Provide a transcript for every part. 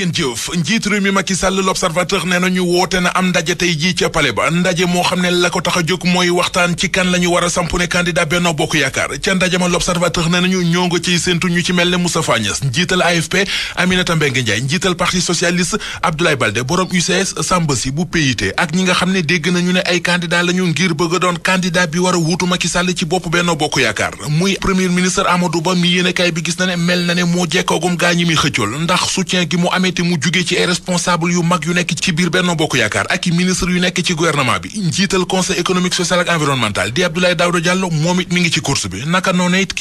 ngeen jëf njiit réew mi Macky Sall l'observateur nee na ñu woote na am ndaje tey jii ca pale ba ndaje moo xam ne la ko tax a jóg mooy waxtaan ci kan la ñu war a samp ne candidat Benno Bokk Yaakaar ca ndaje ma l'observateur nee nañu ñoo nga ciy séentu ñu ci mel ne Moustapha Niasse njiital AFP Aminata Mbengue Ndiaye njiital parti socialiste Abdoulaye Baldé borom UCS Samba Sy bu PIT ak ñi nga xam ne dégg nañu ne ay candidat la ñu ngir bëgg a doon candidat bi war a wuutu Macky Sall ci bopp Benno Bokk Yaakaar mi yéene kaay bi gis te mu jugee ci ay responsable yu mag yu nekk ci biir Benno Bokk Yaakaar ak i ministre yu nekk ci gouvernement bi njiital conseil économique social environnemental di Abdoulaye Daouda Diallo moom it mi ngi ci course bi naka noonu it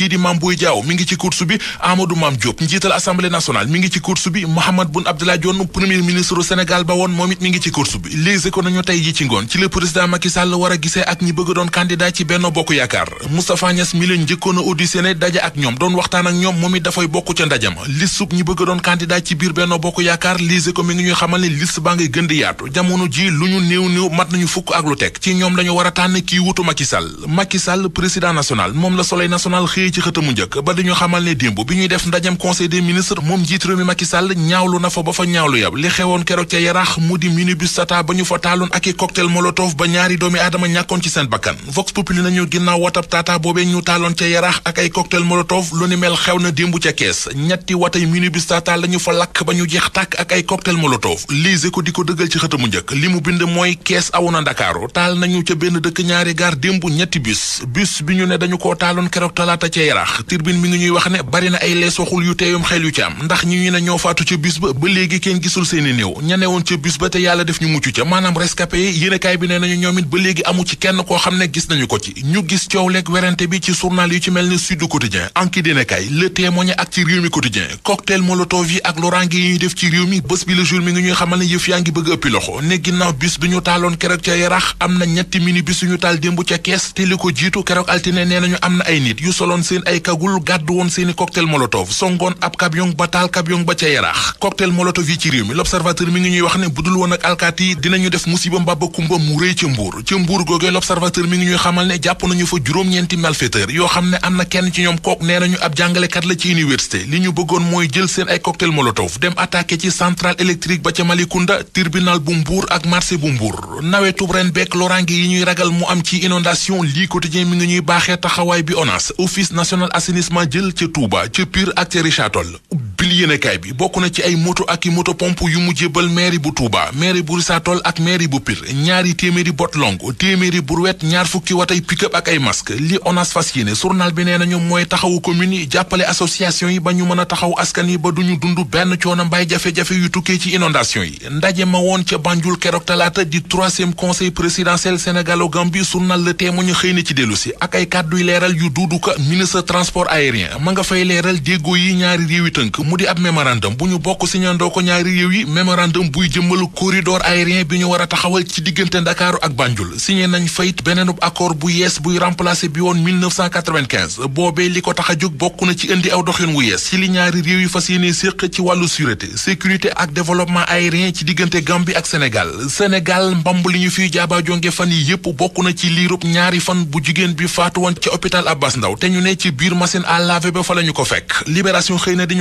njiital assemblée nationale mi ngi ci course bi Mahammed Boun Abdallah Dionne premier ministre Sénégal ba woon moom it mi ngi ci course bi Les Échos nañu tey ji ci ngoon ci le président Macky Sall war a gisee ak ñi bëgg a doon ko yaakaar lise ko mi ngi ñuy xamal ne liste baa ngay gën di yaatu jamono ji lu ñu néew néew mat nañu fukk ak lu teg ci ñoom dañu war a tànn kii wutu Macky Sall Macky Sall président national moom la soleil national xëyee ci xëtamu njëkk ba dañu xamal ne démb bi ñuy def ndajam conseil des moom njiit mi Macky Sall ñaawlu na fa ba fa ñaawlu yab li xewoon keroog ca yarax mu di minibus tata ba ñu fa taaloon ak i cocktail molotov ba ñaari doomi jeex tàkk ak ay cocktail molotov liise ko di ko dëggal ci xëtamu njëkk li mu bind mooy kees awu taal nañu ca dëkk ñaari gaar démb ñetti bus bus ñu ne dañu koo taaloon keroog talaata ca ñuy wax ne bari na ay lees waxul yu teeyum xel am ndax ñi ñu ne ñoo faatu ca bus ba ba léegi kenn gisul seeni néew ña newoon ca bus ba te yàlla def ñu mucc ca maanaam rescapé yi yéenekaay bi nee nañu ñoom it ba léegi amu ci kenn koo xam ne gis nañu ko ci ñu gis coow leeg werante bi ci journal yu ci mel ni Sud Quotidien Enquête yéenekaay Le Témoin ak ci Rewmi Quotidien cocktail molotov yi ak lorange yi ñaawteef ci réew mi bés bi le jour mi ngi ñuy xamal ne yëf yaa ngi bëgg ëppi loxo ne ginnaaw bis bi ñu taaloon keroog ca yarax am na ñetti mini bis ñu taal démb ca kees te li ko jiitu keroog altine nee nañu seen ay kagul gàddu woon seeni cocktail molotov songoon ab camion ba taal camion ba ca yarax cocktail molotov yi ci réew mi l'observateur mi ngi ñuy wax ne budul woon ak alkaat yi dinañu def musiba mbaba kumba mu rëy ca mbuur ca mbuur googee l'observateur mi ngi ñuy xamal ne jàpp nañu fa juróom-ñeenti malfaiteur yoo xam ne am na kenn ci ñoom kook nee nañu ab jàngalekat la ci université li ñu bëggoon mooy jël seen ay cocktail molotov attaqué ci centrale ba ca Malicounda tribunal bu Mbour ak marché bu mbuur nawetu ren bekk loraange yi ñuy ragal mu am ci inondation lii quotidien mi ngi ñuy baaxee taxawaay bi ONAS office national assainissement jël ca Touba ca Pire ak ca Richard-Toll ubbil yéenekaay bi bokk na ci ay moto ak i moto pompe yu mu jébbal mairie bu Touba mairie bu Risatol ak mairie bu Pire ñaari téeméeri bot long téeméeri brouette ñaar fukki watay pick-up ak ay masque li ONAS fas yéene journal bi nee nañu mooy taxawu commune yi jàppale association yi ba ñu mën a taxaw askan yi ba duñu dund benn coono mbay jafe-jafe yu tukkee ci inondation yi ndaje ma woon ca Banjul keroog talaata di troisième conseil présidentiel Sénégalo-Gambie journal Le Témoin ñu xëy na ci dellu si ak ay kàdduy leeral yu duuduka ministre transport aérien ma nga fay leeral déggoo yi ñaari di ab mémorandum bu ñu bokk signandoo ko ñaari réew yi mémorandum buy jëmmalu corridor aérien bi ñu war a taxawal ci diggante Ndakaaru ak Banjul signé nañ fayit beneenub accord bu yees buy remplacé bi woon 1995 li ko tax a jóg bokk na ci indi aw doxin wu yees ci li ñaari réew yi fas yéene séq ci wàllu sûreté sécurité ak développement aérien ci diggante Gambie ak Sénégal Sénégal mbamb li ñu fiy jaaba jonge fan yi yépp bokk na ci liirub ñaari fan bu jigéen bi faatu woon ci hôpital Abbas Ndao te ñu ne ci biir machine à laver ba ko fekk libération xëy na di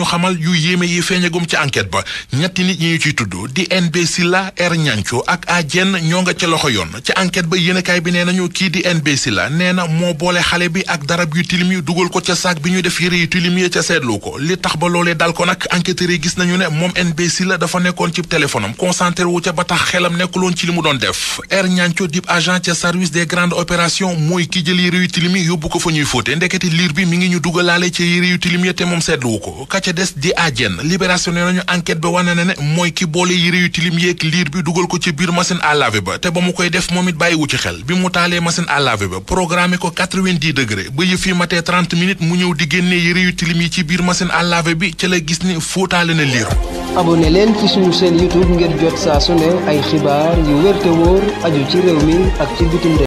yu yéeme yi feeñagum ci enquête ba ñetti nit ñi ñu ciy tudd di NB Silla R Ñanco ak Adjen ñoo nga ca loxo yoon ci enquête ba yéenekaay bi nee nañu kii di NB la nee na moo boole xale bi ak darab yu tilim yu dugal ko ca saak bi ñu def yére yu tilim yi ca seetlu ko li tax ba loolee dal ko nag enquêteurs yi gis nañu ne moom NB la dafa nekkoon ci téléphone am concentré wu ca ba tax xelam nekkuloon ci li mu doon def R Ñanco dib agent ca service des grandes opérations mooy ki jël yére yu tilim yi ko fa ñuy fóote ndekete liir bi mi ngi ñu dugalaale ca moom seetlu ko ajen libération nee nañu enquête ba wane na ne mooy ki boole yére yu tilim yéeg liir bi dugal ko ci biir machine à laver ba te ba mu koy def moom it bàyyiwu ci xel bi mu taalee machine à laver ba programmé ko 90 degré ba yëf yi matee 30 minutes mu ñëw di génnee yére yu tilim yi ci biir machine à laver bi ca la gis ni fóotaale na liir abonné leen ci suñu seen YouTube ngir jot saa su ne ay xibaar yu wér wóor aju ci réew mi ak ci bitim réew